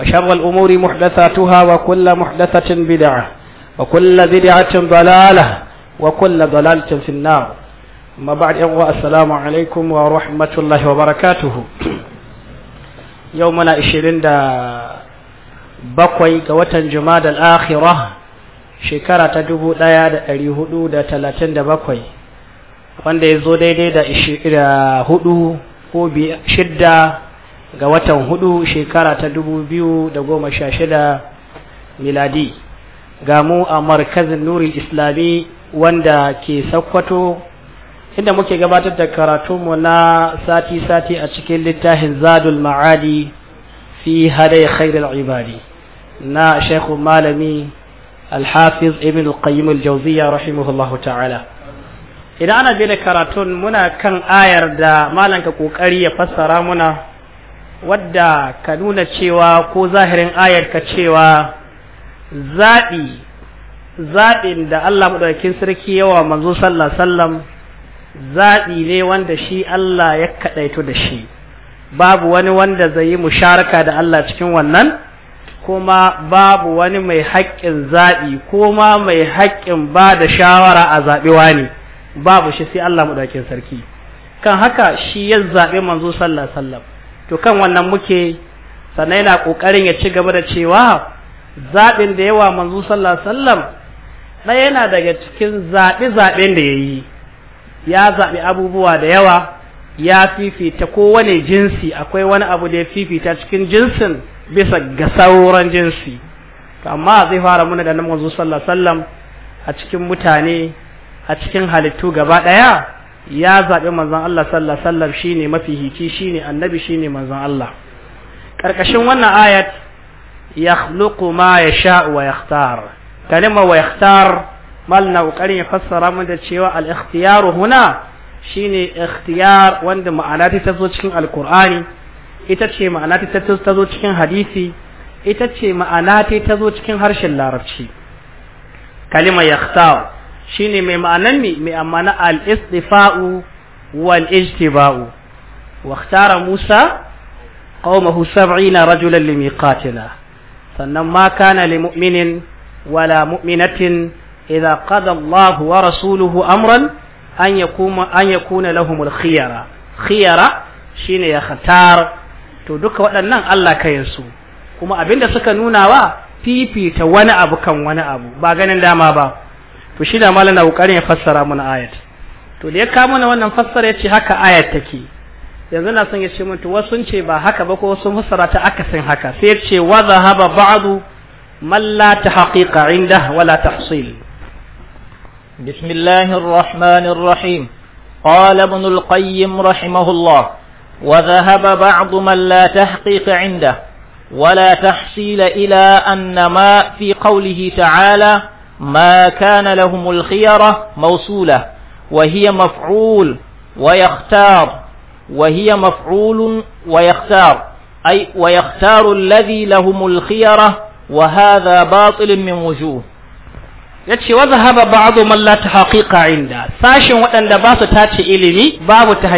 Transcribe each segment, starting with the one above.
وشر الأمور محدثاتها وكل محدثة بدعة وكل بدعة ضلالة وكل ضلالة في النار أما بعد السلام عليكم ورحمة الله وبركاته يومنا إشرين دا بقوي قوتا جماد الآخرة شكرة تدبو لايا دا اليهدو دا تلاتين دا بقوي wanda ya zo daidai da hudu ko shidda ga watan hudu shekara ta dubu biyu da goma sha shida miladi ga mu a markazin nuri islami wanda ke sakkwato inda muke gabatar da karatunmu na sati-sati a cikin littafin zadul ma'adi fi hadai khairul ibadi na shekhu malami alhafiz ibn qayyim al-jawziya rahimahullahu ta'ala idan ana bi da karatun muna kan ayar da malanka kokari ya fassara muna wadda ka nuna cewa ko zahirin ayar ka cewa zaɓi zaɓin da Allah maɗaukin sarki yawa manzo sallallahu sallam zaɓi ne wanda shi Allah ya kaɗaito da shi babu wani wanda zai yi musharaka da Allah cikin wannan kuma babu wani mai haƙƙin zaɓi kuma mai haƙƙin ba da shawara a zaɓewa ne babu shi sai Allah maɗaukin sarki kan haka shi ya zaɓi manzo sallallahu sallam to kan wannan muke sannan yana kokarin ya ci gaba da cewa zaɓin da yawa manzo sallallahu alaihi wasallam na yana daga cikin zaɓi zaɓen da ya yi ya zaɓi abubuwa da yawa ya fifita kowane jinsi akwai wani abu da ya fifita cikin jinsin bisa ga sauran jinsi to amma zai fara muna da nan manzo sallallahu alaihi wasallam a cikin mutane a cikin halittu gaba ɗaya ya zaɓi manzon Allah sallallahu alaihi wasallam shine shi ne annabi shine manzon Allah ƙarƙashin wannan ayat yakhluqu ma sha wa yakhtar kalima wa yakhtar malna ya fassara mun da cewa al ikhtiyar huna ne ikhtiyar wanda ma'ana ta zo cikin Alkur'ani ita ce ma'ana ta ta zo cikin hadisi ita ce ma'ana ta zo cikin harshen larabci kalima yakhtar shine mai ma'anan mi mai amana al-istifa'u wal ijtiba'u wa ikhtara Musa qaumahu 70 rajulan limiqatina sannan ma kana li mu'minin wala mu'minatin idza qada Allahu wa rasuluhu amran an yakuma an yakuna lahumul khiyara khiyara shine ya khatar to duka waɗannan Allah kayansu kuma abinda suka nuna wa fifita wani abu kan wani abu ba ganin dama ba to shi da malam na kokarin ya fassara mana ayat to da ya kawo mana wannan fassara yace haka ayat take yanzu na son ya ce mun to wasu sun ce ba haka ba ko wasu fassara ta akasin haka sai ya ce wa zahaba ba'du man la tahqiqa inda wala tahsil بسم rahmanir rahim الرحيم قال ابن القيم رحمه الله وذهب بعض من لا تحقيق عنده ولا تحصيل إلى أن ما في قوله تعالى ما كان لهم الخيرة موصولة وهي مفعول ويختار وهي مفعول ويختار أي ويختار الذي لهم الخيرة وهذا باطل من وجوه yace wa zahaba ba'dhu man la tahqiqa inda sashin waɗanda ba su tace ilimi babu ta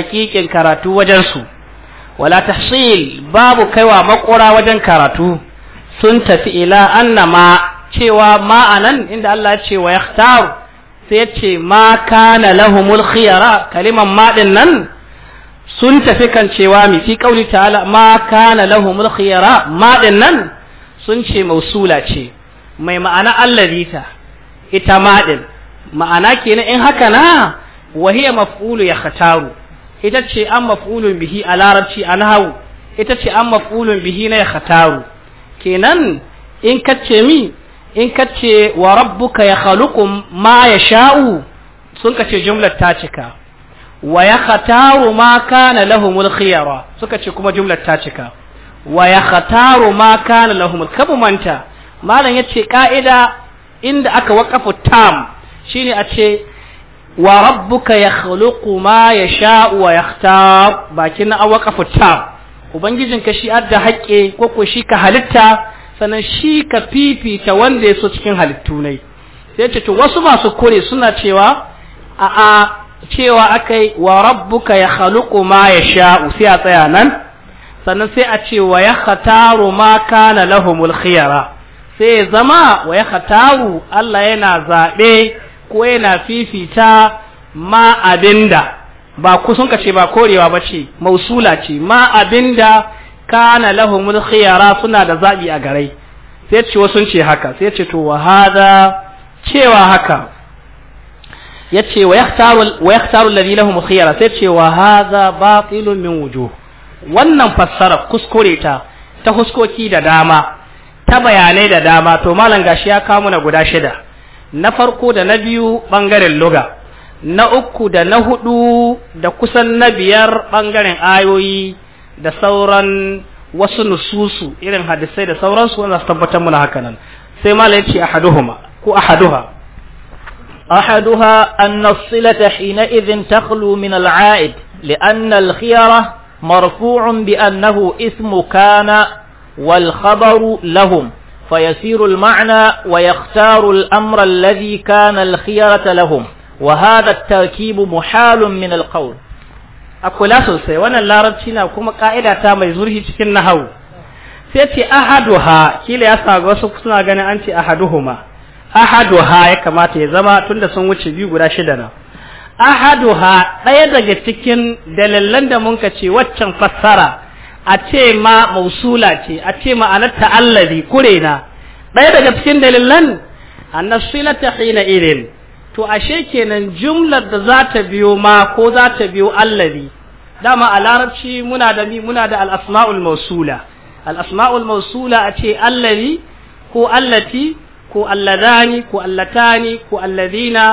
karatu wajen su wala tahsil babu kaiwa makura wajen karatu sun tafi ila annama cewa ma inda Allah ya ce wa yakhtar sai ce ma kana lahumul khiyara kaliman ma nan sun tafi kan cewa mi fi kauli ta'ala ma kana lahumul khiyara ma nan sun ce mausula ce mai ma'ana allazita ita ma ma'ana kenan in haka na wahiya maf'ulu khataru ita ce an maf'ulun bihi a larabci a nahawu ita ce an maf'ulun bihi na khataru kenan in kace mi in ka ce wa rabbuka ya khaluqu ma ya sha'u sun ka ce jumlar ta cika wa ya khataru ma kana lahumul khiyara suka ce kuma jumlar ta cika wa ya khataru ma kana lahumul kabu manta malam yace ka'ida inda aka waqafu tam shine a ce wa rabbuka ya khuluqu ma ya sha'u wa yakhtar bakin an waqafu tam ubangijinka shi adda haƙe ko ko shi ka halitta sannan shi ka fifita wanda ya so cikin halittu ne sai ce to wasu masu kore suna cewa a a cewa akai wa rabbuka ya khaluqu ma sha sai a tsaya nan sannan sai a ce wa ya khataru ma kana lahumul khiyara sai zama wa ya khataru Allah yana zabe ko yana fifita ma abinda ba kusun ka ce ba korewa ba ce mausula ce ma abinda kana lahumul khiyara suna da zabi a garai sai ce wasu ce haka sai ce to wa hada cewa haka ce wa wa yaktaru alladhi lahum khiyara sai ce wa hada batilun min wujuh wannan fassara kuskure ta ta huskoki da dama ta bayanai da dama to malam gashi ya kawo mana guda shida na farko da na biyu bangaren luga na uku da na hudu da kusan na biyar bangaren ayoyi da sauran wasu nususu irin hadisai da sauransu wanda su tabbatar muna haka nan sai mala yace ahaduhuma ko ahaduha ahaduha an as-silata hina idhin takhlu min al-'aid li'anna al-khiyara marfu'un bi annahu ismu kana wal khabaru lahum فيسير المعنى ويختار الأمر الذي كان الخيرة لهم وهذا التركيب محال من القول a kula sosai wannan larabci na kuma ka'ida ta mai zurhi cikin nahawu sai ce ahaduha kila ya sa wasu suna ganin an ce ahaduhuma ahaduha ya kamata ya zama tunda sun wuce biyu guda shida na ahaduha ɗaya daga cikin dalilan da mun ce waccan fassara a ce ma mausula ce a ce ma'anar ta'allazi kurena ɗaya daga cikin dalilan annasilata hina irin to ashe kenan jumlar da za ta biyo ma ko za ta biyo allazi dama a larabci muna da mi muna da al-asma'ul mawsula al-asma'ul mawsula a ce allazi ko allati ko alladani ko allatani ko alladina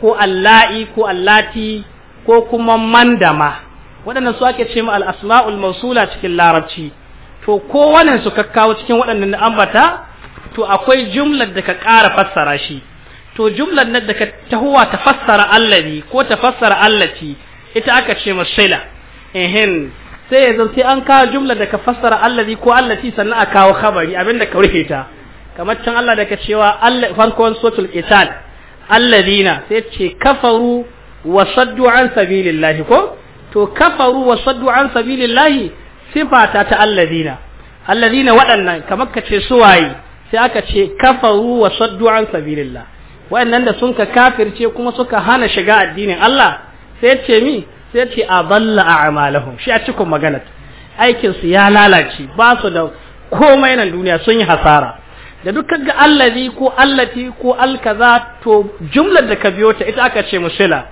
ko alla'i ko allati ko kuma mandama waɗannan su ake ce ma al-asma'ul mawsula cikin larabci to kowannen su kakkawo cikin waɗannan ambata to akwai jumlar da ka ƙara fassara shi to jumlan nan da ka tahuwa ta fassara allazi ko ta fassara allati ita aka ce masila ehin sai yanzu sai an kawo jumla da ka fassara allazi ko allati sannan a kawo khabari abinda ka rufe ta kamar can Allah da ka cewa Allah farkon suratul qital allazina sai ce kafaru wa saddu an sabilillahi ko to kafaru wa saddu an sabilillahi sifata ta allazina allazina waɗannan kamar ka ce suwaye sai aka ce kafaru wa saddu an sabilillah wa'annan da sun ka kafirce kuma suka hana shiga addinin Allah sai ce mi sai ce a balla a amalahum shi a cikin magana aikin su ya lalace ba su da komai nan duniya sun yi hasara da dukkan ga allazi ko allati ko alkaza to jumlar da ka biyo ta ita aka ce musila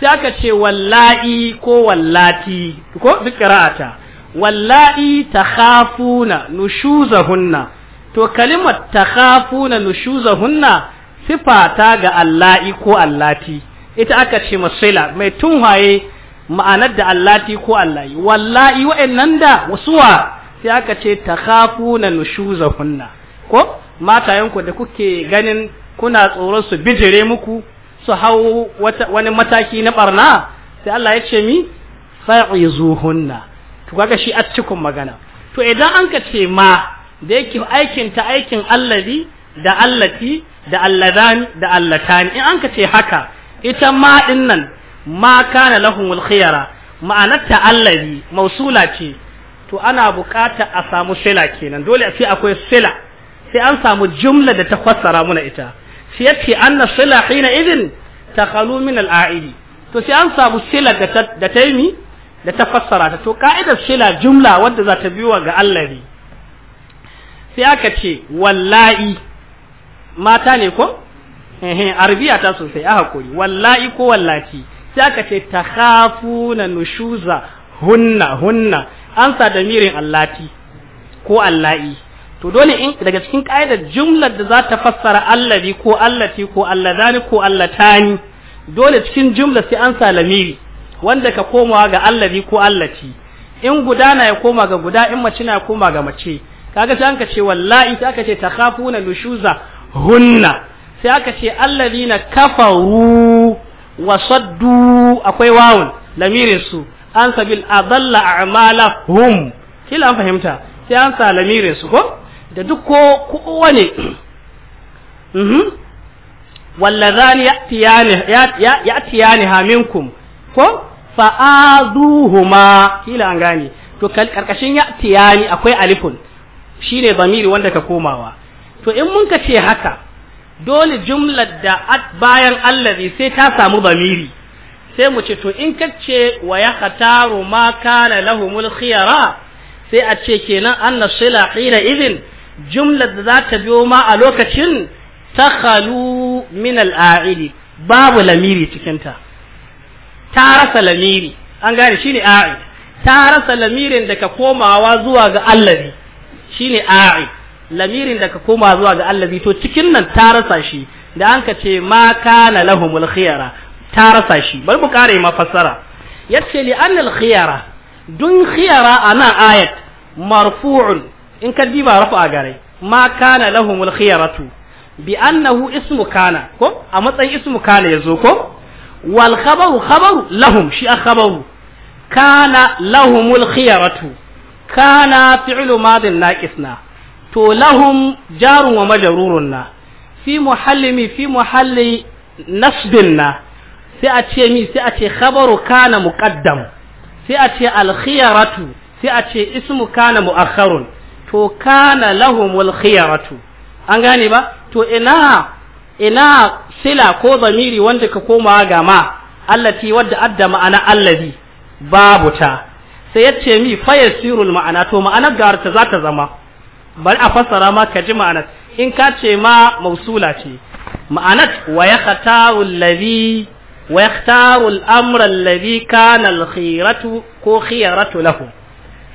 sai aka ce wallahi ko wallati ko duk qira'ata wallahi takhafuna nushuzahunna to kalimar takhafuna nushuzahunna sifata ga Allahi ko Allati ita aka ce masila mai tun tunhaye ma'anar da Allati ko Allahi wallahi wa'annan da wasuwa sai aka ce takhafuna nushuzahunna ko matayenku da kuke ganin kuna tsoron su bijire muku su hau wani mataki na barna sai Allah ya ce mi fa'izuhunna to kaga shi a cikin magana to idan an ka ce ma da yake aikin ta aikin allazi da allati da alladan da allatan in anka ce haka ita ma din nan ma kana lahumul khiyara ma'anarta allazi mausula ce to ana bukata a samu sila kenan dole sai akwai sila sai an samu jumla da ta fassara muna ita sai yace anna sila hina idin takhalu min al to sai an samu sila da ta da ta da ta fassara ta to ka'idar sila jumla wanda za ta biyo ga allazi sai aka ce wallahi mata ne ko ehe arabiya ta sosai a hakuri wallahi ko wallati sai aka ce na nushuza hunna hunna an sa da mirin allati ko allahi to dole in daga cikin ka'idar jumlar da za ta fassara allazi ko allati ko allazani ko allatani dole cikin jumla sai an sa lamiri wanda ka komawa ga allazi ko allati in guda na ya koma ga guda in mace na ya koma ga mace kaga sai an ka ce wallahi sai aka ce takhafuna lushuza hunna sai aka ce allazina kafaru wa saddu akwai wawun lamirin su an sabil adalla a'mala hum kila an fahimta sai an sa lamirin su ko da duk ko kowane mhm wallazan ya'tiyani ya'tiyani ha minkum ko fa'aduhuma kila an gane to karkashin ya'tiyani akwai alifun shine zamiri wanda ka komawa to in mun ka ce haka dole jumlar da at bayan allazi sai ta samu bamiri sai mu ce to in ka ce wa ya khataru ma kana lahumul khiyara sai a ce kenan na sila hina izin jumlar da za ta biyo ma a lokacin ta khalu min al'a'ili babu lamiri cikinta ta rasa lamiri an gane shine a'i ta rasa lamirin daga komawa zuwa ga allazi shine a'i lamirin da ka koma zuwa ga allazi to cikin nan ta rasa shi da an ka ce ma kana lahumul khiyara ta rasa shi bari mu kare ma fassara yace li annal khiyara dun khiyara ana ayat marfu'un in ka diba rafa gare ma kana lahumul khiyaratu bi annahu ismu kana ko a matsayin ismu kana yazo ko wal khabaru khabaru lahum shi a khabaru kana lahumul khiyaratu kana fi'lu madin naqisna to lahum jarun wa majarurun na fi muhallimi fi muhalli nasbin na sai a ce mi sai a ce khabaru kana muqaddam sai a ce alkhiyaratu sai a ce ismu kana mu'akhkharun to kana lahumul khiyaratu an gane ba to ina ina sila ko zamiri wanda ka koma ga ma allati wadda adda ma'ana allazi babu ta sai yace mi fayasirul ma'ana to ma'anar garta za ta zama bari a fassara ma ka ji ma'anat in ka ce ma mausula ce ma'anat wa ya khataru allazi wa yaktaru al-amra allazi ko khiyaratu lahu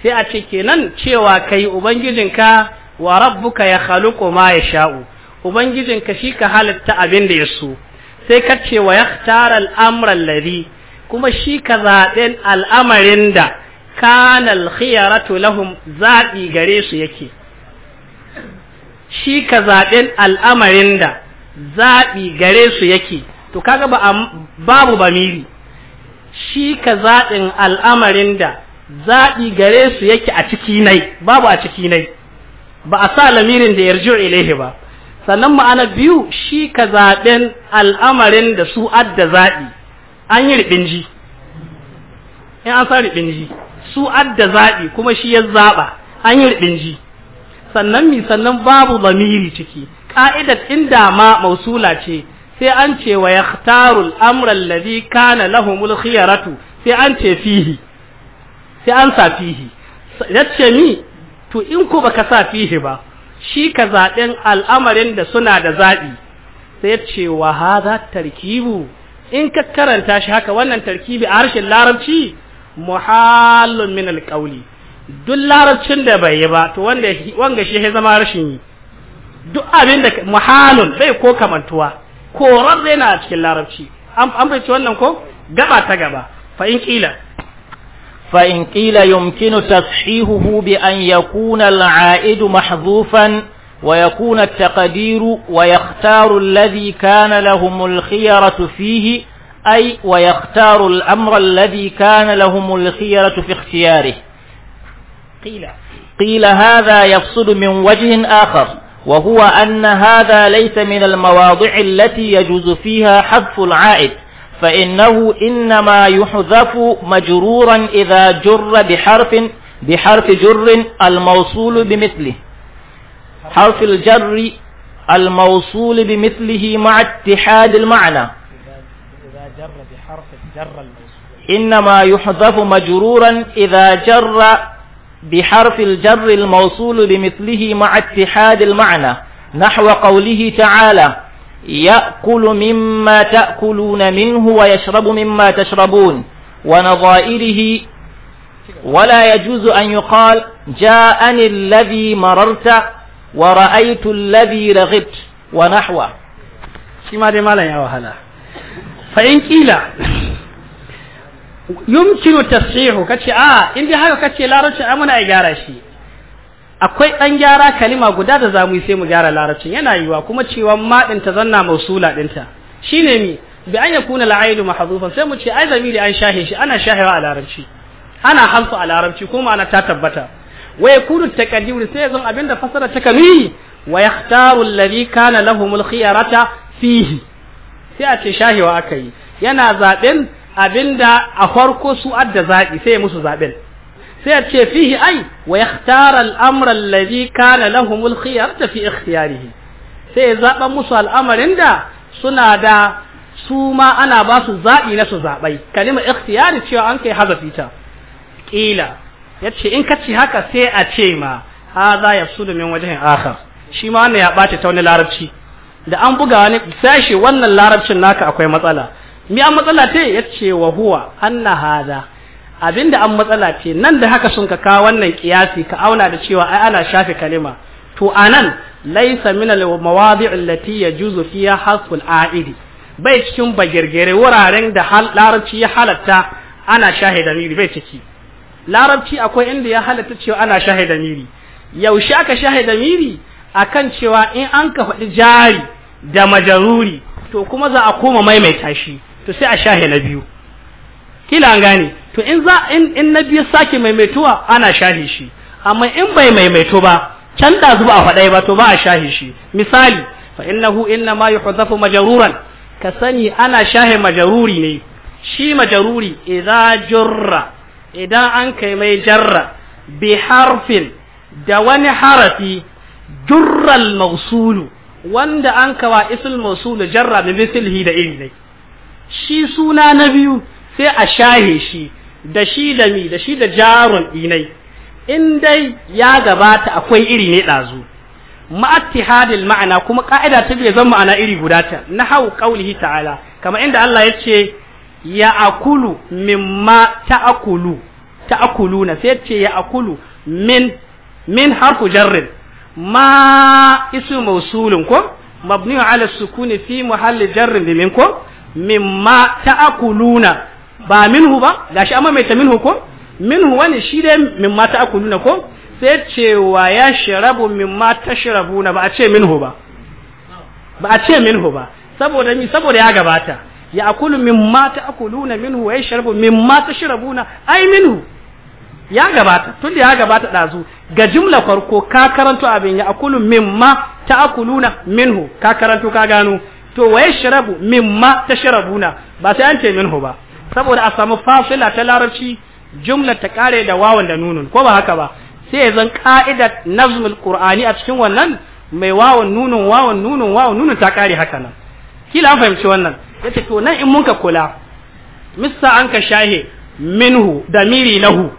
sai a ce kenan cewa kai ubangijinka wa rabbuka ya khaluqu ma sha'u ubangijinka shi ka halitta abin da ya so sai ka ce wa yaktaru al-amra kuma shi ka zaɓen al'amarin da kanal khiyaratu lahum zaɓi gare su yake shi ka zaɓin al'amarin da zaɓi gare su yake to kaga ba babu miri, shi ka zaɓin al'amarin da zaɓi gare su yake a ciki nai babu a ciki nai ba a sa lamirin da yarju ilaihi ba sannan ma'ana biyu shi ka zaɓen al'amarin da su adda zaɓi an yi riɓin ji in an sa riɓin ji su adda zaɓi kuma shi ya zaɓa an yi riɓin ji sannan mi sannan babu lamiri ciki ka'idar inda ma mausula ce sai an ce wa yakhtaru al-amra alladhi kana lahumul khiyaratu sai an ce fihi sai an sa fihi yace mi to in ko baka sa fihi ba shi ka zaben al'amarin da suna da zaɓi sai ce wa hadha tarkibu in ka karanta shi haka wannan tarkibi a harshen larabci muhallun min duk larabcin da bai yi ba to wanda wanga shi ya zama rashin yi duk abin da muhalun bai ko kamantuwa korar zai na cikin larabci an bai ci wannan ko gaba ta gaba fa in kila fa in kila yumkinu tashihuhu bi an yakuna al-a'id mahdhufan wa yakuna at-taqdir wa yakhtaru alladhi kana lahum al-khiyaratu fihi ay wa yakhtaru al-amra alladhi kana lahum al-khiyaratu fi ikhtiyarihi قيل قيل هذا يفصل من وجه آخر وهو أن هذا ليس من المواضع التي يجوز فيها حذف العائد فإنه إنما يحذف مجرورا إذا جر بحرف بحرف جر الموصول بمثله حرف الجر الموصول بمثله مع اتحاد المعنى إذا جر بحرف جر الموصول إنما يحذف مجرورا إذا جر بحرف الجر الموصول بمثله مع اتحاد المعنى نحو قوله تعالى يأكل مما تأكلون منه ويشرب مما تشربون ونظائره ولا يجوز أن يقال جاءني الذي مررت ورأيت الذي رغبت ونحوه شما دي مالا يا وهلا فإن كيلا yumkinu tashihu kace a ah, in dai haka kace larabci ai muna gyara shi akwai dan gyara kalima guda da zamu yi sai mu gyara larabcin yana yiwa kuma cewa ma din ta zanna mausula dinta shine mi bi an yakuna al-aidu mahdhufan sai mu ce ai zamiri an shahe shi ana shahewa a larabci ana hansu a larabci kuma ana ta tabbata wa yakunu taqdir sai zan abinda fasara ta kami wa yahtaru alladhi kana lahumul khiyarata fihi sai a ce shahewa akai yana zaben abinda a farko su adda zaɓi sai musu zaɓen sai yace ce fihi ai wa yakhtara al-amra kana lahum mulkiyar khiyar fi ikhtiyarihi sai ya zaɓa musu al'amarin da suna da su ma ana ba su zaɓi na su zaɓai kalima ikhtiyari cewa an kai hazafi fita. ƙila ya ce in kaci haka sai a ce ma haza ya su domin wajen akhar shi ma wannan ya ɓace ta wani larabci da an buga wani sashi wannan larabcin naka akwai matsala mi an matsala te ce wa huwa anna hada abinda an matsala ce nan da haka sun ka kawo wannan kiyasi ka auna da cewa ai ana shafe kalima to anan laysa min al mawadi' allati yajuzu fiha al a'idi bai cikin bagirgire wuraren da larabci ya halatta ana da miri bai ciki larabci akwai inda ya halatta cewa ana da miri yaushe aka da miri akan cewa in an ka faɗi jari da majaruri to kuma za a koma maimaita shi to sai a shahe na biyu kila an gane to in za in in na biyu sake maimaituwa ana shahe shi amma in bai maimaito ba can da zuba a faɗai ba to ba a shahe shi misali fa innahu inna ma yuhdafu majruran ka sani ana shahe majaruri ne shi majaruri idza jurra idan an kai mai jarra bi harfin da wani harafi jurral mausulu wanda an kawa isul mausulu jarra bi silhi da iri ne shi suna na biyu sai a shahe shi da shi da mi da shi da jarun inai in dai ya gabata akwai iri ne ɗazu ma'attihadil ma'ana kuma ka'ida ta bai zan ma'ana iri guda ta na hau ƙaulihi ta'ala kamar inda Allah ya ce ya akulu mimma ta'akulu na sai ce ya akulu min min harfu jarrin ma isu mausulun ko mabni ala sukuni fi muhalli jarrin bi ko mimma akuluna ba minhu ba gashi amma mai ta minhu ko minhu wani shi dai mimma akuluna ko sai cewa ya sharabu mimma sharabuna ba a ce minhu ba ba a ce minhu ba saboda ni saboda ya gabata ya akulu mimma ta'kuluna minhu wa ma mimma sharabuna ai minhu ya gabata tun da ya gabata ɗazu ga jumla farko ka karanto abin ya akulu mimma ta akuluna minhu ka karanto ka gano to wa yashrabu mimma tashrabuna ba sai an ce minhu ba saboda a samu fasila ta larabci jumla ta kare da wawan da nunun ko ba haka ba sai ya zan ka'idat nazmul qur'ani a cikin wannan mai wawan nunun wawan nunun wawan nunun ta kare haka nan kila an fahimci wannan yace to nan in munka kula missa an ka shahe minhu damiri lahu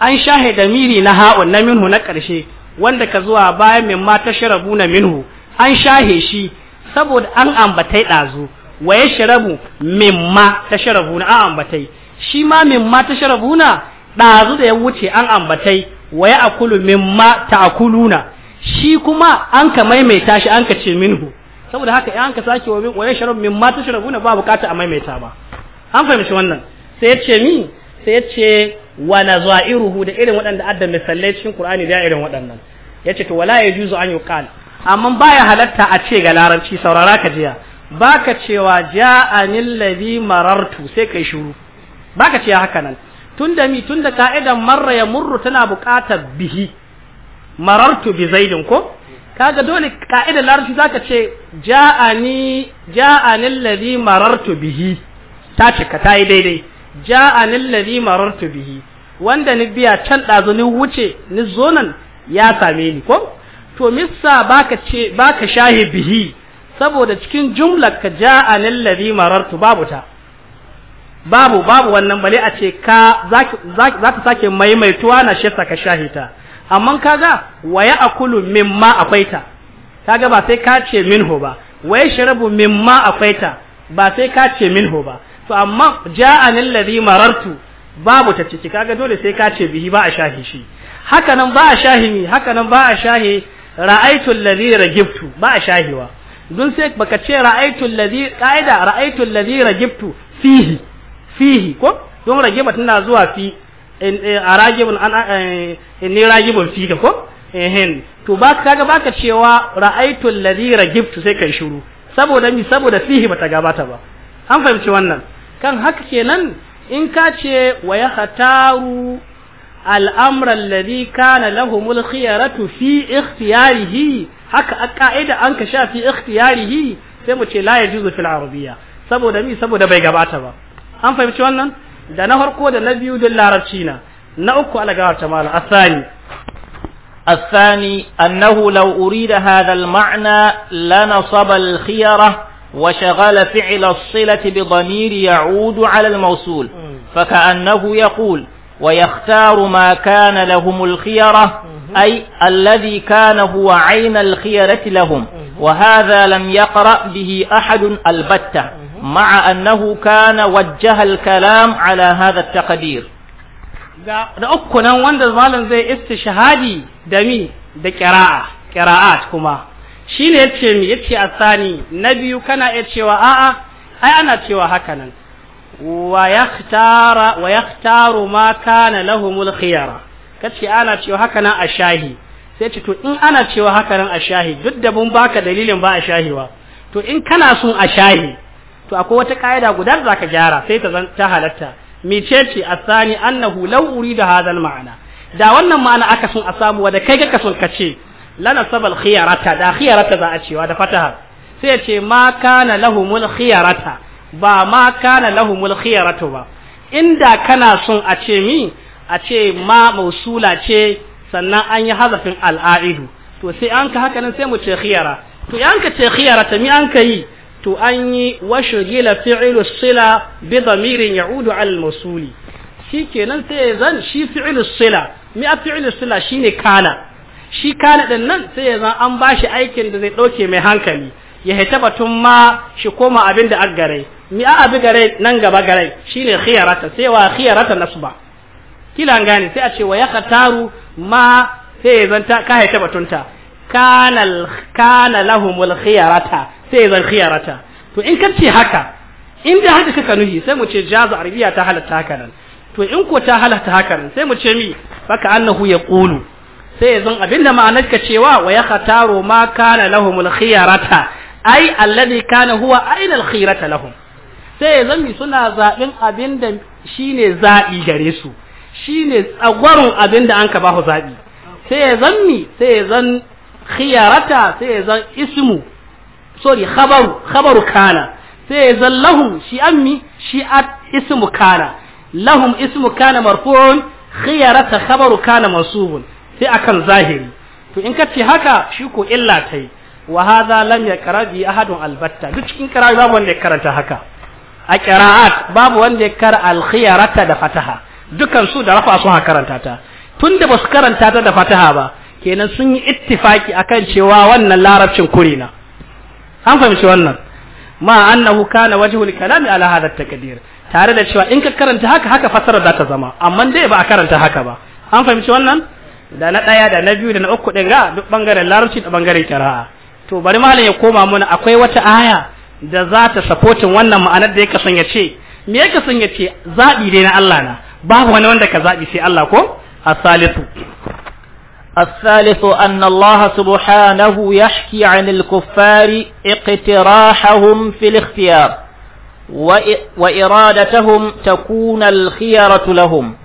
an shahe damiri na ha'un na minhu na karshe wanda ka zuwa bayan min ma tashrabuna minhu an shahe shi saboda an ambatai ɗazu wa ya sharabu mimma ta na an ambatai shi ma mimma ta na ɗazu da ya wuce an ambatai wa ya akulu mimma ta akuluna shi kuma an ka maimaita shi an ka ce minhu saboda haka in an ka sake wa ya sharabu mimma ta na ba bukata a maimaita ba an fahimci wannan sai ya ce mi sai ya ce wa nazairuhu da irin waɗanda adda misalai cikin Qur'ani da irin waɗannan yace to wala yajuzu an yuqal amma baya halatta a ce ga larabci saurara ka jiya baka cewa ja'anil ladhi marartu sai kai shiru baka cewa haka nan tunda mi tunda ka'idan marra ya murru tana buƙatar bihi marartu bi zaidin ko kaga dole ka'idan larabci zaka ce ja'ani ja'anil ladhi marartu bihi ta cika ta yi daidai ja'anil ladhi marartu bihi wanda ni biya can ɗazu ni wuce ni zo nan ya same ni ko to missa baka ce baka shahi bihi saboda cikin jumlar ka ja ja'a ladhi marartu babu ta babu babu wannan bale a ce ka zaki ta sake maimaituwa na shi ka shahita amma kaga waya akulu mimma akwai ta kaga ba sai ka ce minhu ba waya sharabu mimma akwai ta ba sai ka ce minhu ba to amma ja ja'a ladhi marartu babu ta ciki kaga dole sai ka ce bihi ba a shahi shi haka nan ba a shahi haka nan ba a shahi ra'aitu alladhi ragibtu ba a shahiwa dun sai baka ce ra'aitu alladhi qaida ra'aitu alladhi ragibtu fihi fihi ko don ragiba tana zuwa fi eh, a ragibun an eh, inni ragibun fi ko ehin to ba kaga baka cewa ra'aitu alladhi ragibtu sai kai shiru saboda ni saboda fihi bata gabata ba an fahimci wannan kan haka kenan in ka ce wa ya hataru الأمر الذي كان لهم الخيارة في اختياره هكا قائد أنك في اختياره سيموك لا يجوز في العربية سبو دمي سبو دبي قباتبا أم فهم شوانا دا نهر قود نبيو دل العربشينا نأكو على قارة مالا الثاني الثاني أنه لو أريد هذا المعنى لنصب الخيارة وشغال فعل الصلة بضمير يعود على الموصول فكأنه يقول ويختار ما كان لهم الخيرة أي الذي كان هو عين الخيرة لهم وهذا لم يقرأ به أحد البتة مع أنه كان وجه الكلام على هذا التقدير da uku nan wanda malam zai istishhadi da mi da qira'a qira'at kuma shine yace mi yace asani na biyu kana iya cewa a'a ai ana cewa haka nan ويختار ويختار ما كان لهم الخيار kace ana cewa haka nan a shahi sai ce to in ana cewa haka nan a shahi duk da mun baka dalilin ba a shahiwa to in kana sun a shahi to akwai wata kaida guda ka zaka gyara sai ta zan ta halatta mecece asani annahu law urida hadha ma'ana da wannan ma'ana aka sun a samu wa da kai kaka son kace lana sabal khiyarata da khiyarata za a cewa da fataha sai ce ma kana lahumul khiyarata ba ma kana lahumul khiyaratu ba inda kana son a ce mi a ce ma mausula ce sannan an yi hazafin al'aidu to sai an ka haka nan sai mu ce khiyara to yan ka ce khiyara ta mi an ka yi to an yi washu gila fi'ilu sila bi dhamirin ya'udu al mausuli kenan sai zan shi fi'ilu sila mi a fi'ilu sila shine kana shi kana din nan sai zan an bashi aikin da zai dauke mai hankali ya hita batun ma shi koma abin da aggare mi a abi gare nan gaba gare shine khiyarata sai wa khiyarata nasba kila gane sai a ce wa ya khataru ma sai zanta ka hita batunta kana kana lahumul khiyarata sai zan khiyarata to in ka ce haka in da haka kaka nuhi sai mu ce jazu arabiya ta halatta haka nan to in ko ta halatta haka nan sai mu ce mi baka annahu ya yaqulu sai zan abinda ma'anar ka cewa wa ya khataru ma kana lahumul khiyarata ai alladhi kana huwa ainal khirata lahum sai ya zami suna zaɓin abin da shi ne zaɓi gare su shi ne tsagwaron abin da an ka ba zaɓi sai ya zammi sai ya zan khiyarata sai ya zan ismu sorry khabaru khabaru kana sai ya zan lahum shi ammi shi at ismu kana lahum ismu kana marfu'un khiyarata khabaru kana mansubun sai akan zahiri to in ka ce haka shi ko illa ta yi. wa hadha lam yaqra bi ahadun albatta duk cikin qira'a babu wanda ya karanta haka a qira'at babu wanda ya kar alkhiyarata da fataha dukan su da rafa su ha karanta ta tunda basu karanta ta da fataha ba kenan sun yi ittifaki akan cewa wannan larabcin kurina an fahimci wannan ma annahu kana wajhul kalami ala hadha taqdir tare da cewa in ka karanta haka haka fasara za ta zama amma dai ba a karanta haka ba an fahimci wannan da na daya da na biyu da na uku din ga duk bangaren larabci da bangaren qira'a to bari malam ya koma mana akwai wata aya da za ta sapotin wannan ma'anar da ya kasan ya ce me ya kasan ya ce zaɓi dai na Allah na babu wani wanda ka zaɓi sai Allah ko asalisu asalisu an Allah subhanahu yahki an al-kuffar iqtirahum fil ikhtiyar wa wa iradatuhum takuna al-khiyaratu lahum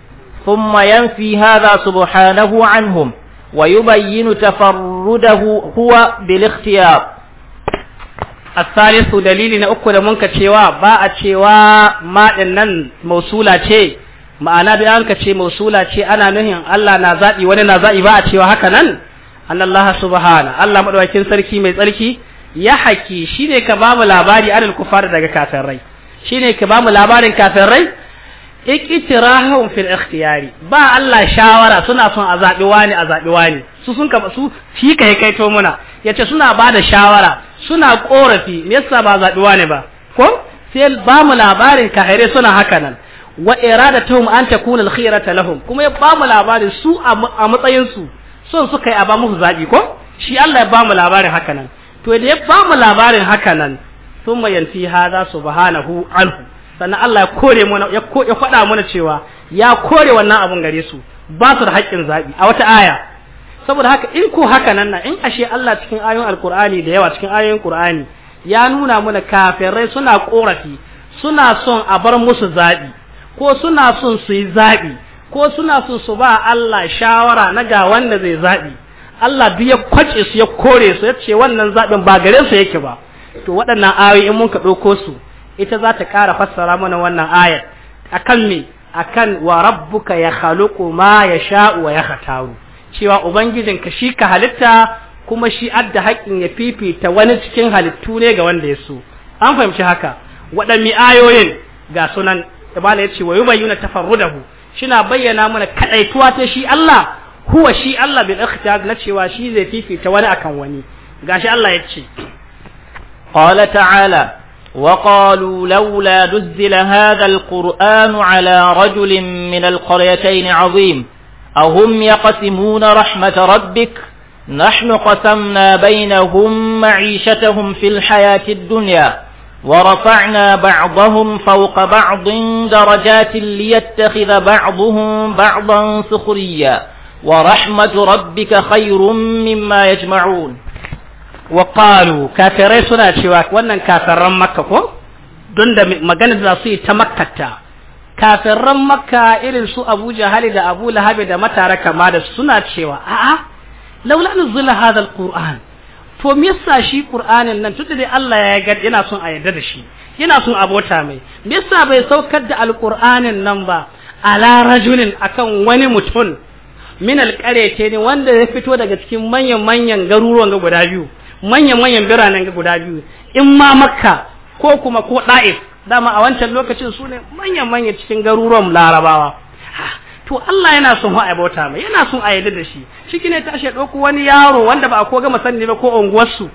thumma yanfi hadha subhanahu anhum ويبين تفرده هو بالاختيار الثالث دليل نأكل منك تشيوا باء تشيوا ما إنن موصولة تشي ma'ana da an ce mausula ce ana nuhin Allah na zaɓi wani na zaɓi ba cewa haka nan Allah subhana Allah madawakin sarki mai tsarki ya haki shine ka bamu mu labari anil kufar daga kafirai shine ka bamu mu labarin kafirai iqtirahum fil ikhtiyari ba Allah shawara suna son a zabi wani a zabi wani su sun kaba su shi kai kai to muna yace suna bada shawara suna korafi me yasa ba zabi wani ba ko sai ba mu labarin kahire suna haka nan wa iradatuhum an takuna alkhirata lahum kuma ya ba mu labarin su a matsayin su son su kai a ba musu zabi ko shi Allah ya ba mu labarin haka nan to da ya ba mu labarin haka nan thumma yanfi hadha subhanahu anhu sannan Allah ya kore mana ya faɗa mana cewa ya kore wannan abun gare su ba su da haƙƙin zaɓi a wata aya saboda haka in ko haka nan in ashe Allah cikin ayoyin alkur'ani da yawa cikin ayoyin qur'ani ya nuna mana kafirai suna korafi suna son a bar musu zaɓi ko suna son su yi zaɓi ko suna son su ba Allah shawara na ga wanda zai zaɓi Allah duk ya kwace su ya kore su ya ce wannan zaɓin ba gare su yake ba to waɗannan ayoyi in mun ka ɗauko su ita za ta ƙara fassara mana wannan a kan me akan wa rabbuka ya khaluqu ma yasha'u wa hataru cewa ubangijinka shi ka halitta kuma shi adda haƙƙin ya fifita wani cikin halittu ne ga wanda ya so an fahimci haka waɗanne ayoyin ga sunan ibala ta wa yubayyana tafarrudahu shina bayyana mana kadaituwa ta shi Allah huwa shi Allah bil ikhtiar na cewa shi zai fifita wani akan wani gashi Allah yace qala ta'ala وقالوا لولا نزل هذا القرآن على رجل من القريتين عظيم أهم يقسمون رحمة ربك نحن قسمنا بينهم معيشتهم في الحياة الدنيا ورفعنا بعضهم فوق بعض درجات ليتخذ بعضهم بعضا سخريا ورحمة ربك خير مما يجمعون wa qalu kafirai suna cewa wannan kafiran makka ko don da magana da su yi ta makkata kafiran makka irin su abu jahali da abu lahabi da matara kama da suna cewa a'a laula zula hadal qur'an to me yasa shi qur'anin nan tunda dai Allah ya ga yana son a yarda da shi yana son abota mai me yasa bai saukar da alqur'anin nan ba ala rajulin akan wani mutum min alqaryace ne wanda ya fito daga cikin manyan manyan garuruwan ga guda biyu manyan-manyan biranen ga guda biyu in ma makka ko kuma ko ɗa'if dama a wancan lokacin su ne manyan-manyan cikin garuruwan larabawa to Allah yana son a bauta mai yana son a yarda da shi ciki ne tashi ya ɗauko wani yaro wanda ba a ko gama sanni ba ko unguwarsu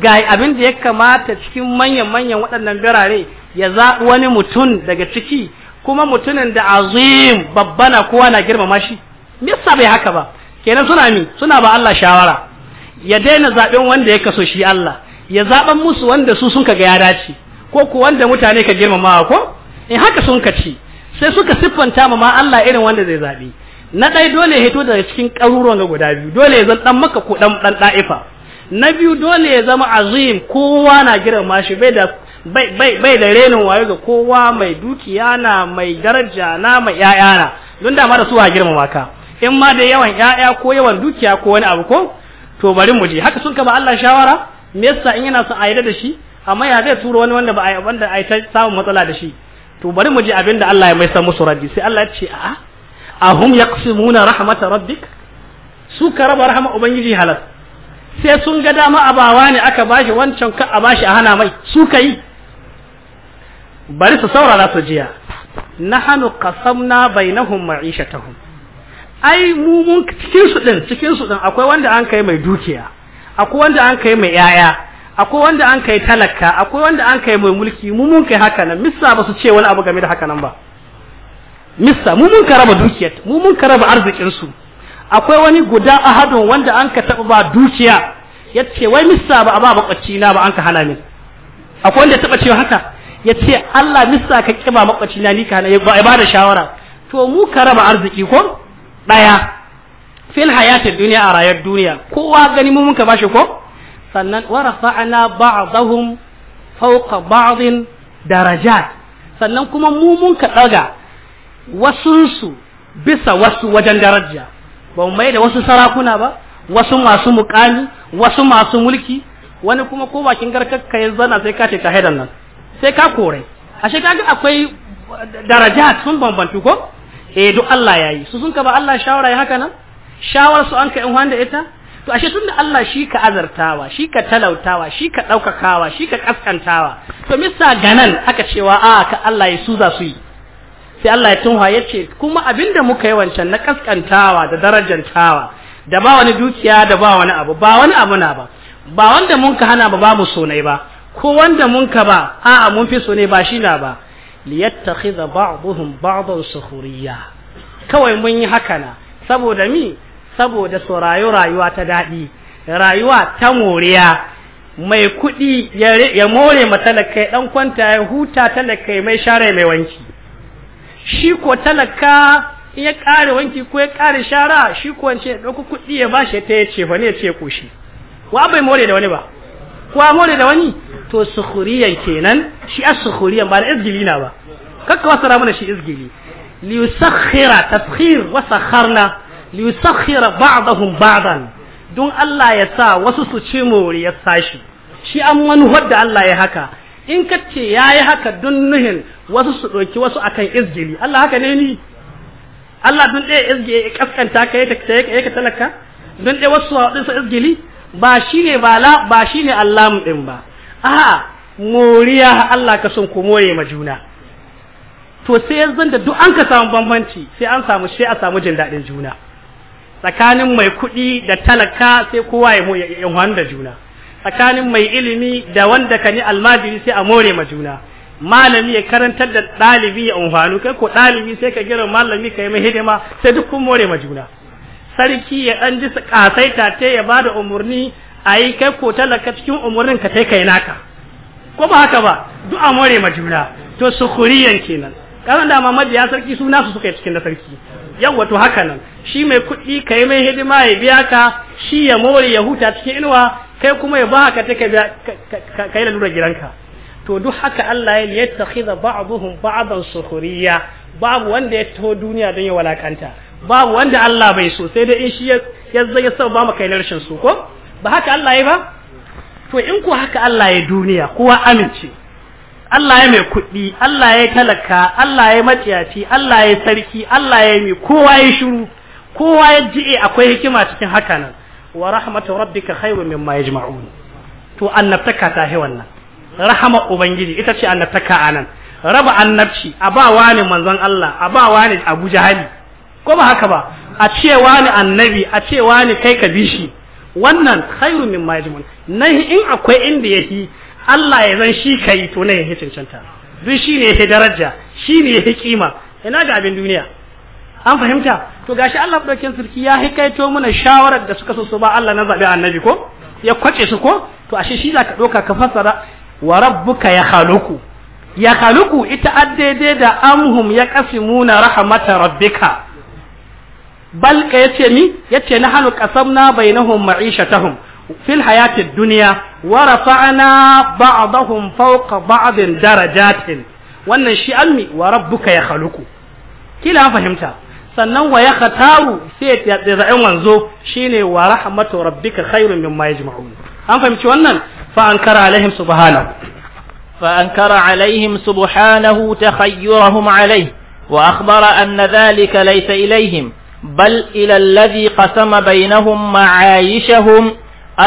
ga abin da ya kamata cikin manyan-manyan waɗannan birane ya zaɓi wani mutum daga ciki kuma mutumin da azim babbana kowa na girmama shi me yasa bai haka ba kenan suna mi suna ba Allah shawara ya daina zaɓen wanda ya kaso shi Allah ya zaben musu wanda su sun kaga ya dace ko ku wanda mutane ka girmamawa ko in haka sun ka ci sai suka siffanta ma ma Allah irin wanda zai zabi na ɗaya dole ya hito daga cikin ƙaruruwan ga guda biyu dole ya zan ɗan maka ko ɗan ɗan ɗa'ifa na biyu dole ya zama azim kowa na girma shi bai da bai bai da renin wayo ga kowa mai dukiya na mai daraja na mai ƴaƴa na don da ma da su a girmama ka in ma da yawan yaya ko yawan dukiya ko wani abu ko to bari mu je haka sun ka ba Allah shawara me yasa in yana son a da shi amma ya zai tura wani wanda ba a wanda ta samu matsala da shi to bari mu je abin da Allah ya mai san musu rabbi sai Allah ya ce a ahum yaqsimuna rahmata rabbik su ka raba rahama ubangiji halal sai sun ga dama abawa ne aka bashi wancan ka a bashi a hana mai su yi bari su saurara su jiya nahanu qasamna bainahum ma'ishatahum ai mu mun cikin su din cikin su din akwai wanda an kai mai dukiya akwai wanda an kai mai yaya akwai wanda an kai talaka akwai wanda an kai mai mulki mu mun kai haka nan missa ba su ce wani abu game da haka nan ba missa mu mun karaba dukiya mu mun karaba arzikin su akwai wani guda ahadun wanda an ka taba ba dukiya yace wai missa ba ba bakwacci na ba an ka hana ni. akwai wanda taba cewa haka yace Allah missa ka kiba makwacci na ni ka hana ba ibada shawara to mu karaba arziki ko Ɗaya fil hayati duniya a rayar duniya kowa gani mu muka bashi ko sannan wa rafa'na ba'dahum fawqa ba'din darajat sannan kuma mu mun daga wasunsu bisa wasu wajen daraja ba mu mai da wasu sarakuna ba wasu masu mukami wasu masu mulki wani kuma ko bakin garkakka ya zana sai ka ce ta haidan nan sai ka kore ashe shekaru akwai darajat sun bambantu ko eh duk Allah yayi su sun ka ba Allah shawara ya haka nan shawar su an ka in wanda ita to ashe tunda Allah shi ka azartawa shi ka talautawa shi ka daukakawa shi ka kaskantawa to misa ganan aka cewa a ah, ka Allah ya suza su yi sai Allah ya tunha ya ce kuma abinda muka yi wancan na kaskantawa da darajantawa da ba wani dukiya da ba wani abu ba wani abu na ba ba wanda mun ka hana ba ba mu sonai ba ko wanda mun ka ba a'a mun fi sonai ba shi na ba liyattakhidha ba'dhum ba'dhan sukhuriyya kawai mun yi haka na saboda mi saboda so rayu rayuwa ta daɗi rayuwa ta moriya mai kuɗi ya more ma ya ɗan kwanta ya huta talaka mai share mai wanki shi ko talaka in ya kare wanki ko ya kare shara shi ko wance ya ɗauki ya bashi ta ya fa ne ya ce ƙoshi wa bai more da wani ba kowa more da wani to sukhuriyan kenan shi as-sukhuriyan ba da izgili na ba kakka wasara mana shi izgili li yusakhira taskhir wa sakharna li yusakhira ba'dahum ba'dan don Allah ya sa wasu su ci more ya sashi shi an manuwar da Allah ya haka in ka ce yi haka don nuhin wasu su ɗauki wasu akan izgili Allah haka ne ni Allah don ɗaya izgili ya kaskanta ka ya ka talaka don ɗaya wasu su izgili ba shine ba shi ba shine allam din ba a'a moriya Allah ka son ku more ma juna to sai yanzu da duk an ka samu bambanci sai an samu sai a samu jin daɗin juna tsakanin mai kuɗi da talaka sai kowa ya yan da juna tsakanin mai ilimi da wanda ka ni almajiri sai a more ma juna malami ya karantar da ɗalibi ya umfanu kai ko ɗalibi sai ka gira malami ka yi mai hidima sai duk kun more ma juna sarki ya ɗan ji ƙasai ta ya bada umurni ayi kai ko talaka cikin umarnin ka kai kai naka ko ba haka ba duk a more ma juna to sukhuriyan kenan kan da mamad ya sarki suna su suka yi cikin da sarki yawa to haka nan shi mai kuɗi ka yi mai hidima ya biya ka shi ya more ya huta cikin inuwa kai kuma ya ba ka ta ka yi lalura gidanka to duk haka Allah ya yattakhidha ba'dhum ba'dan sukhriya babu wanda ya taho duniya don ya walakanta babu wanda Allah bai so sai dai in shi ya zai sa ba maka rashin su ko ba haka Allah ya ba to in ku haka Allah ya duniya kowa amince Allah ya mai kuɗi Allah ya talaka Allah ya matiyaci, Allah ya sarki Allah ya mai kowa ya shiru kowa ya ji eh, akwai hikima cikin haka nan wa rahmatu rabbika khairun mimma yajma'un to annabtaka ta hi wannan rahama ubangiji ita ce annabtaka anan raba annabci a ba wani manzon Allah a ba wani Abu ko ba haka ba a cewa ni annabi a cewa ni kai ka bishi wannan khairu min majmun nan in akwai inda yahi Allah ya zan shi kai to ne yake cancanta duk shi ne yake daraja shi ne yake kima ina ga abin duniya an fahimta to gashi Allah daukin sarki ya hikaito mana shawarar da suka so su ba Allah na zabi annabi ko ya kwace su ko to ashe shi zaka doka ka fassara wa rabbuka ya khaluqu ya ita addede da amhum ya qasimuna rahmata rabbika bal ka yace mi yace na hanu qasamna bainahum ma'ishatahum fil hayati dunya wa rafa'na ba'dahum fawqa ba'din darajatin wannan shi almi wa rabbuka ya khaluqu kila fahimta sannan wa ya sai ya tsira'in wanzo shine wa rahmatu rabbika khairun mimma yajma'un an fahimci wannan fa ankara alaihim subhanahu فأنكر عليهم سبحانه تخيرهم عليه وأخبر أن ذلك ليس ilaihim. بل إلى الذي قسم بينهم معايشهم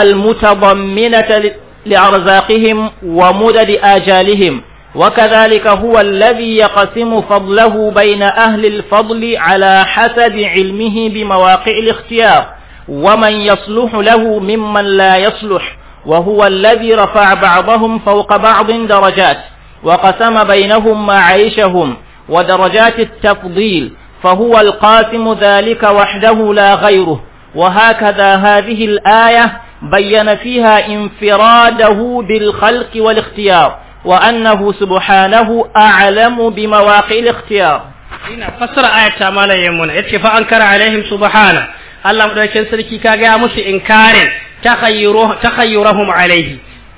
المتضمنة لأرزاقهم ومدد آجالهم وكذلك هو الذي يقسم فضله بين أهل الفضل على حسب علمه بمواقع الاختيار ومن يصلح له ممن لا يصلح وهو الذي رفع بعضهم فوق بعض درجات وقسم بينهم معايشهم ودرجات التفضيل فهو القاسم ذلك وحده لا غيره وهكذا هذه الآية بين فيها انفراده بالخلق والاختيار وأنه سبحانه أعلم بمواقع الاختيار إن فسر آية تامالا يمون إتكي فأنكر عليهم سبحانه الله مدى كنسلكي كاقا مسي إنكار تخيره تخيرهم عليه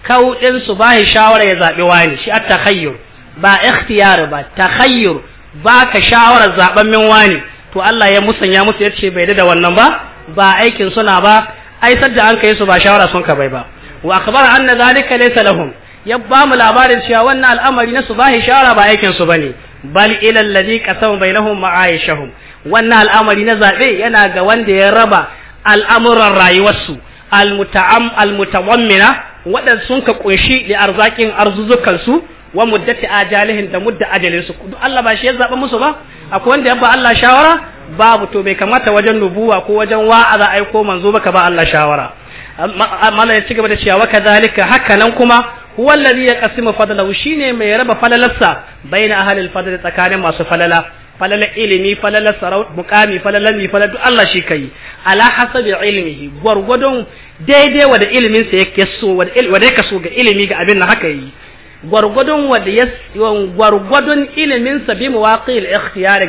كو إنسو باهي شاور يزاق بواني شئ التخير با اختيار با تخير baka shawarar zaben min wani to Allah ya musanya musu ya ce bai da wannan ba ba aikin suna ba ai sadda an kai su ba shawara sun ka bai ba wa akhbara anna zalika laysa lahum ya ba mu labarin cewa wannan al'amari na su ba shawara ba aikin su bane bal ila alladhi qasama bainahum ma'aishahum wannan al'amari na zabe yana ga wanda ya raba al'amuran rayuwarsu al-muta'am al-mutawammina sun ka kunshi li arzakin su wa muddati ajalihin da mudda ajalin su Allah ba shi ya zaba musu ba akwai wanda ya ba Allah shawara babu to bai kamata wajen nubuwa ko wajen wa'aza ai ko manzo baka ba Allah shawara mala ya cigaba da cewa kadhalika haka nan kuma huwa alladhi yaqsimu fadlahu shine mai raba falalarsa baina halin fadl tsakanin masu falala falala ilimi falala sarau mukami falala mi falala duk Allah shi kai ala hasabi ilmihi gwargwadon daidai wa da ilimin sa yake so wa da ga ilimi ga abin nan haka yi gwargwadon iliminsa ya gwargwadon ilimin sa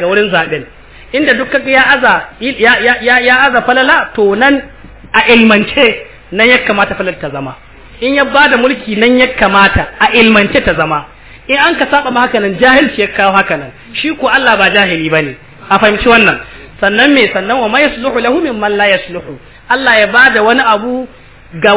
ga wurin zaben inda duk ya aza ya ya aza falala to nan a ilmance nan ya kamata falal ta zama in ya bada mulki nan ya kamata a ilmance ta zama in an ka saba ma hakanan jahilci ya kawo hakanan shi ko Allah ba jahili bane a fahimci wannan sannan me sannan wa ma yasluhu lahu man la yasluhu Allah ya bada wani abu ga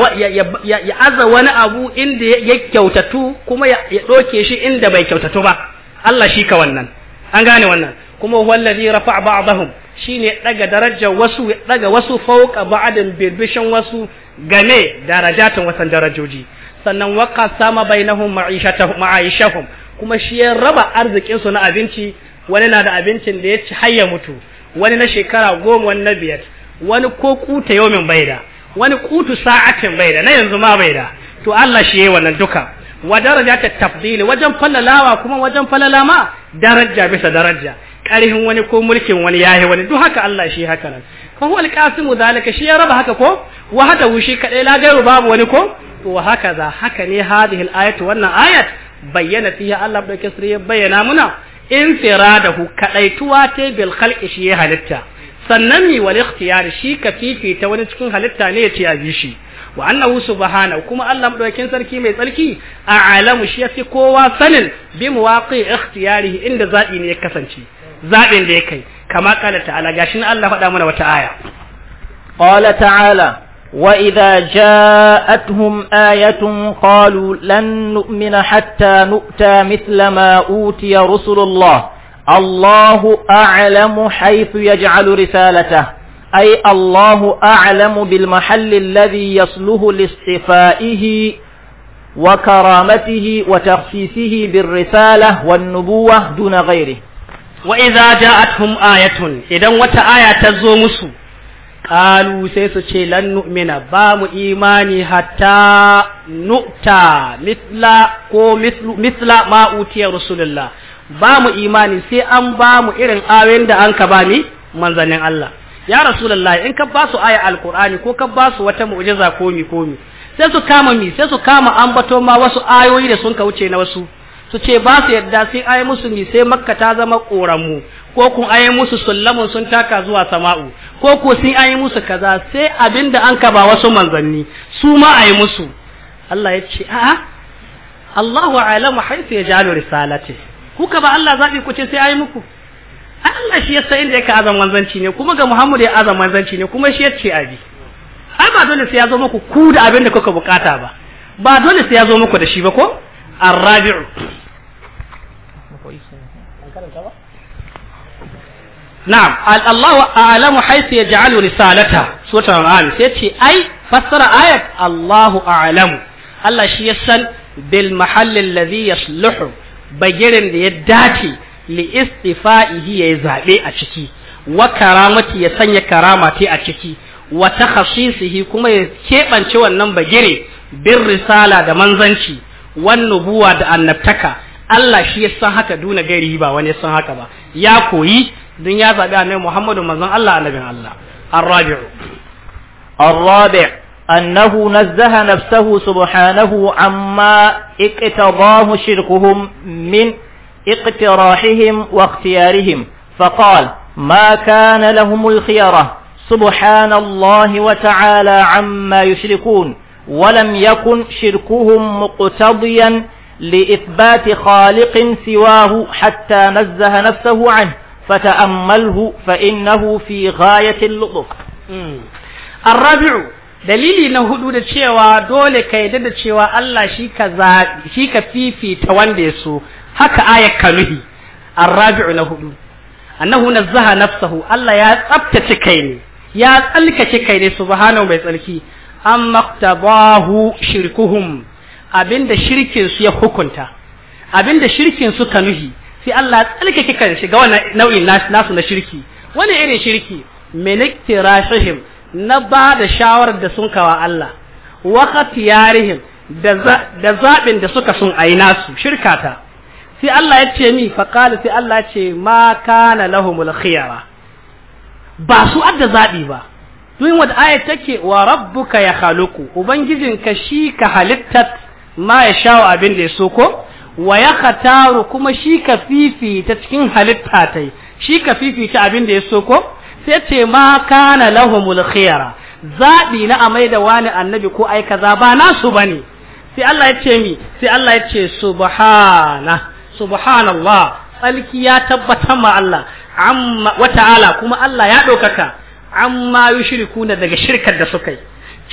ya aza wani abu inda ya kyautatu kuma ya ɗoke shi inda bai kyautatu ba Allah shi ka wannan an gane wannan kuma wallazi rafa ba'dahum shine daga darajar wasu ya daga wasu fauka ba'adin birbishin wasu game darajatun wasan darajoji sannan waka sama bainahum ma'aishahum kuma shi ya raba arzikin su na abinci wani na da abincin da ya ci har mutu wani na shekara goma wani na biyar wani ko kuta yomin baida wani kutu sa'atin bai da na yanzu ma bai da to Allah shi yayi wannan duka wa daraja ta tafdil wajen falalawa kuma wajen falalama daraja bisa daraja karihin wani ko mulkin wani yayi wani duk haka Allah shi haka nan fa huwa alqasim zalika shi ya raba haka ko wa hada wushi kadai la gairu babu wani ko to haka za haka ne hadhihi ayatu wannan ayat bayyana fiha Allah da kasri ya bayyana muna in firadahu kaɗai ta bil khalqi shi ya halitta sannan mi wal ikhtiyar shi katifi ta wani cikin halitta ne yace ya bi shi wa annahu subhanahu kuma Allah madaukakin sarki mai tsarki a a'lamu shi yafi kowa sanin bi muwaqi ikhtiyarihi inda zabi ne ya kasance zabin da yake kai kama kala ta'ala gashi na Allah faɗa mana wata aya qala ta'ala wa جاءتهم ja'atuhum ayatun qalu lan nu'mina hatta nu'ta mithla ma utiya rusulullah Allahu a'lamu ya yaj'alu risalata. Ai Allahu a'lamu bil mahall alladhi yasluhu listifaihi wa karamatihi wa takhsisihi bin risala wan nubuwah duna ghairi wa idha ja'atuhum ayatun idan wata aya ta zo musu qalu sai su ce lan nu'mina ba mu imani hata nu'ta ko misla ma utiya rasulullah ba mu imani sai an ba mu irin ayoyin da an ka ba ni manzannin Allah ya rasulullahi in ka ba su aya alqur'ani ko ka ba su wata mu'jiza komi mi sai su kama mi sai su kama ambato ma wasu ayoyi da sun ka wuce na wasu su ce ba su yadda sai ayi musu mi sai makka ta zama koranmu ko kun ayi musu sullamun sun taka zuwa sama'u ko ko sun ayi musu kaza sai abinda an ka ba wasu manzanni su ma ayi musu Allah ya ce a'a Allahu a'lamu haythu yaj'alu risalatihi kuka ba Allah zaɓi ku ce sai yi muku Allah shi yasa inda yake azan manzanci ne kuma ga Muhammad ya azan manzanci ne kuma shi yace abi ai ba dole sai ya zo muku ku da abin da kuka bukata ba ba dole sai ya zo muku da shi ba ko arrabi'u na'am Allah a'lamu haythu yaj'alu risalata suratul an'am sai ce ai fassara ayat Allahu a'lamu Allah shi yasan bil mahall alladhi yasluhu bagirin da ya dace li istifa'ihi ya zaɓe a ciki wa karamati ya sanya karama ta a ciki wa takhasisihi kuma ya keɓance wannan bagire bin risala da manzanci wan nubuwa da annabtaka Allah shi ya san haka duna gari ba wani ya san haka ba ya koyi dun ya zaɓi annabi Muhammadu manzon Allah annabin Allah الرابع الرابع أنه نزه نفسه سبحانه عما اقتضاه شركهم من اقتراحهم واختيارهم فقال ما كان لهم الخيرة سبحان الله وتعالى عما يشركون ولم يكن شركهم مقتضيا لإثبات خالق سواه حتى نزه نفسه عنه فتأمله فإنه في غاية اللطف الرابع dalili na hudu da cewa dole ka yadda da cewa Allah shi ka shi ka fifita wanda ya so haka ayat kanuhi arrabi'u na hudu annahu nazzaha nafsahu Allah ya tsaftace kai ne ya tsalkace kai ne subhanahu mai tsarki amma tabahu shirkuhum abinda shirkin su ya hukunta abinda shirkin su kanuhi sai Allah ya tsalkace kai shi ga wannan nau'in nasu na shirki wani irin shirki meniktirashihim na ba da shawarar da sun kawa Allah wakati yarihim da zaɓin da suka sun yi nasu shirkata sai Allah ya ce mi faƙali sai Allah ya ce ma kana lahumul khiyara ba su adda zaɓi ba domin wadda ayat take wa rabbuka ya haluku ubangijinka shi ka halittat ma ya shawo abin da ya so ko wa ya khataru kuma shi ka fifita cikin halitta tai shi ka fifita abin da ya so ko sai ce ma kana lahumul khiyara zabi na amai da wani annabi ko ai kaza ba nasu bane sai Allah ya ce mi sai Allah ya ce subhana subhanallah tsalki ya tabbatar ma Allah amma wa ta'ala kuma Allah ya ɗaukaka amma yushrikuna daga shirkar da suka yi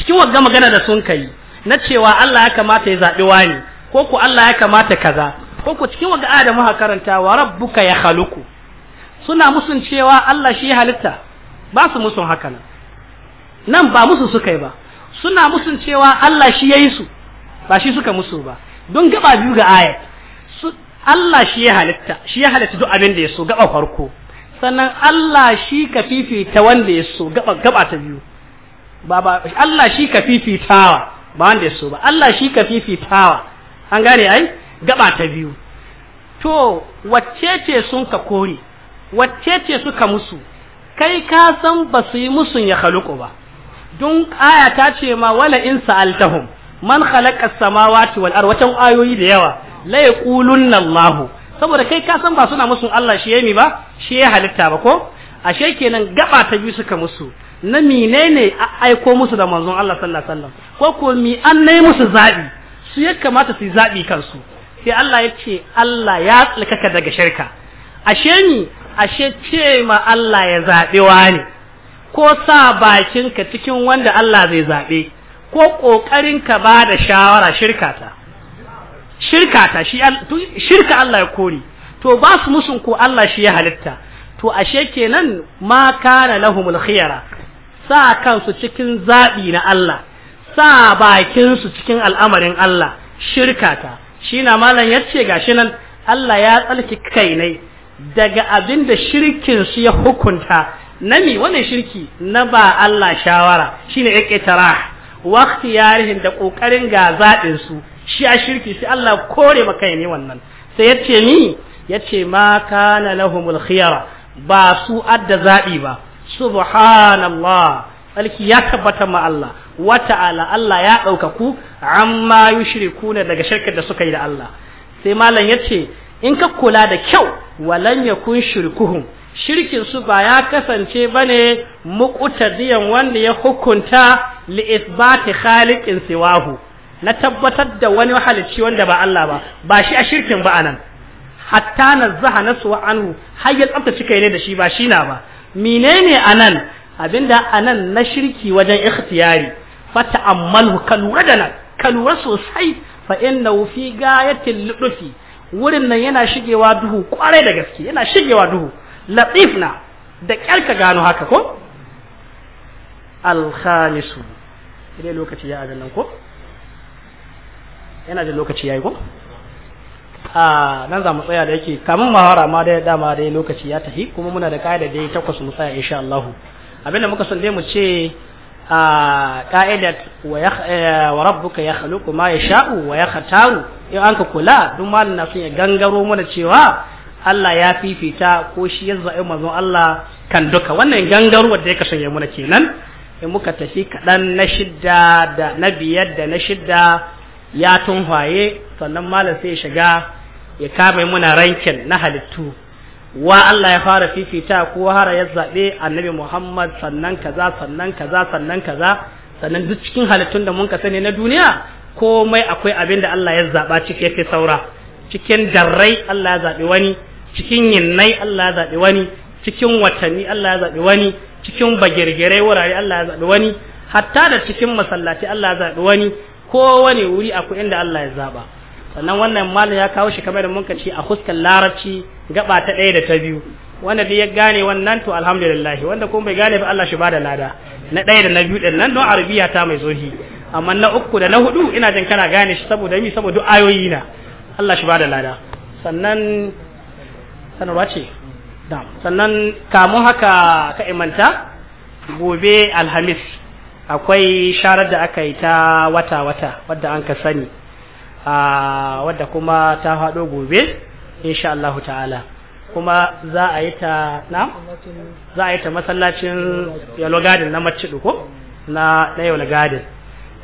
cikin wanga magana da sun kai na cewa Allah ya kamata ya zabi wani ko ku Allah ya kamata kaza ko ku cikin wanga Adamu muka karanta wa rabbuka ya ku. suna musun cewa Allah shi halitta ba su musun haka nan nan ba musu suka yi ba suna musun cewa Allah shi ya yi su ba shi suka musu ba don gaba biyu ga ayat Allah shi ya halitta shi ya halitta duk abin da ya so gaba farko sannan Allah shi ka fifita wanda ya so gaba gaba ta biyu ba ba Allah shi ka fifitawa ba wanda ya so ba Allah shi ka fifitawa an gane ai gaba ta biyu to wacce ce sun ka kore wacce ce suka musu kai ka san ba su yi musu ya khaluqu ba don aya ta ce ma wala in sa'altahum man khalaqa as-samawati wal ardi ayoyi da yawa la yaqulunna Allah saboda kai ka san ba suna musu Allah shi yayi ba shi ya halitta ba ko ashe kenan gaba ta biyu suka musu na menene a aiko musu da manzon Allah sallallahu alaihi wasallam ko ko mi an nayi musu zabi su ya kamata su yi zabi kansu sai Allah ya ce Allah ya tsalkaka daga shirka ashe ni ashe ce ma Allah ya zaɓi ne ko sa bakinka cikin wanda Allah zai zaɓe ko ƙoƙarinka ka ba da shawara shirkata shirkata shirka Allah ya kori to ba su musun ko Allah shi ya halitta to ashe kenan ma kana lahumul khiyara sa kansu cikin zaɓi na Allah sa bakinsu cikin al'amarin Allah shirkata shi na malam yace gashi nan Allah ya tsalki kai ne daga abin da shirkinsu ya hukunta nami wannan shirki na ba Allah shawara shi shine iqtira waqti yarihin da ƙoƙarin ga zaɗin shi a shirki sai Allah kore maka ne wannan sai yace ni yace ma kana lahumul khiyara ba su adda zaɓi ba subhanallah alki ya tabbata ma Allah wa ta'ala Allah ya ɗaukaku ku amma yushrikuna daga shirkin da suka yi da Allah sai malam yace in ka kula da kyau walan kun shirkuhum shirkin su ba ya kasance bane diyan wanda ya hukunta li isbati khaliqin siwahu na tabbatar da wani halicci wanda ba Allah ba ba shi a shirkin ba anan hatta nazaha na wa anhu har ya tsaftace kai ne da shi ba shi na ba menene anan abinda anan na shirki wajen ikhtiyari fata'ammalhu ka lura da nan ka lura sosai fa innahu fi gayatil lufi wurin nan yana shigewa duhu kwarai da gaske yana shigewa duhu latif na da kyarka gano haka ko alhamisu ne lokaci ya adan nan ko yana da lokaci ya yi ko a nan za mu tsaya da yake kamun mahara ma da dama da lokaci ya tafi kuma muna da ka'ida da ya takwas mu tsaya insha Allah abinda muka son dai mu ce ka'idar wa rabbuka ya khaluqu ma yasha'u wa yakhtaru in anka kula duk malin na sun ya gangaro mana cewa Allah ya fifita ko shi ya zaɓi manzon Allah kan duka wannan gangaro da ya kasance mana kenan in muka tafi kaɗan na shidda da na biyar da na shidda ya tunhaye sannan malam sai ya shiga ya kame muna rankin na halittu wa Allah ya fara fifita ko har ya zabe annabi Muhammad sannan kaza sannan kaza sannan kaza sannan duk cikin halittun da mun ka sani na duniya komai akwai abin da Allah ya zaba cike yake saura cikin darrai Allah ya zabe wani cikin yinnai Allah ya zabe wani cikin watanni Allah ya zabe wani cikin bagirgirai wurare Allah ya zabe wani hatta da cikin masallaci Allah ya zabe wani wani wuri akwai inda Allah ya zaba sannan wannan malam ya kawo shi kamar da mun ka ce a huskan larabci gaba ta ɗaya da ta biyu wanda duk ya gane wannan to alhamdulillah wanda kuma bai gane ba Allah shi bada lada na ɗaya da na biyu ɗin nan don arabiya ta mai zohi amma na uku da na hudu ina jin kana gane shi saboda mi saboda ayoyi na Allah shi bada lada sannan sanarwa ce sannan kamun haka ka imanta gobe alhamis akwai sharar da aka yi ta wata-wata wadda an ka sani ah, wadda kuma ta haɗo gobe insha Allah ta'ala kuma za a yi ta na za a yi ta masallacin yalo gadin na macidu ko na na yalo gadin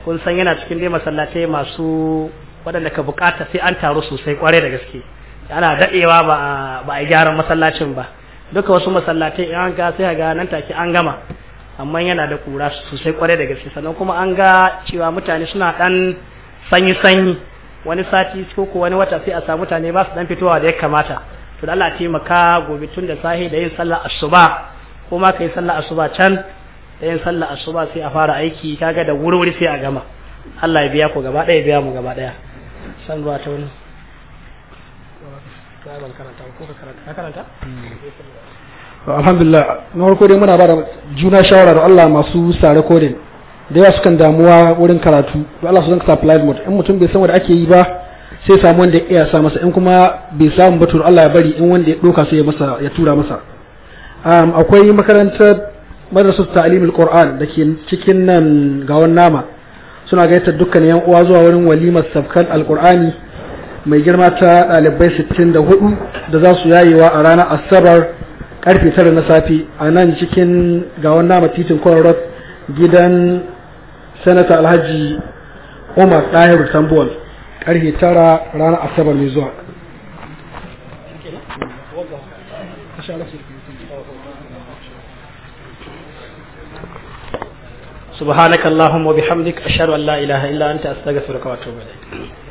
kun san yana cikin dai masallatai masu waɗanda ka bukata sai an taru sosai kwarai da gaske ana daɗewa ba a yi gyaran masallacin ba duka wasu masallatai in an ga sai ga nan take an gama amma yana da kura sosai kwarai da gaske sannan kuma an ga cewa mutane suna ɗan sanyi sanyi wani sati ko ko wani wata sai a samu mutane ba su dan fitowa da ya kamata to da Allah taimaka gobe tun da sahi da yin sallah asuba ko ma kai sallah asuba can da yin sallah asuba sai a fara aiki kaga da wuri sai a gama Allah ya biya ku gaba daya biya mu gaba daya san ruwa ta wani hmm. alhamdulillah na farko dai muna ba da juna shawara da Allah masu sare kodin. da yawa sukan damuwa wurin karatu to Allah su ka sa flight mode in mutum bai san wanda ake yi ba sai samu wanda ya sa masa in kuma bai samu ba to Allah ya bari in wanda ya doka sai ya masa ya tura masa um, akwai makarantar madrasar ta'limul Qur'an da ke cikin nan gawan nama suna gaita dukkan yan uwa zuwa wurin walimar safkan alqur'ani mai girma ta ɗalibai 64 da za su yayewa a ranar asabar karfe 9 na safe a nan cikin gawan nama titin Koran gidan sanata alhaji umar ɗahir tambol ƙarfe tara ranar asabar mai zuwa سبحانك اللهم وبحمدك أشهد أن لا إله إلا أنت أستغفرك وأتوب إليك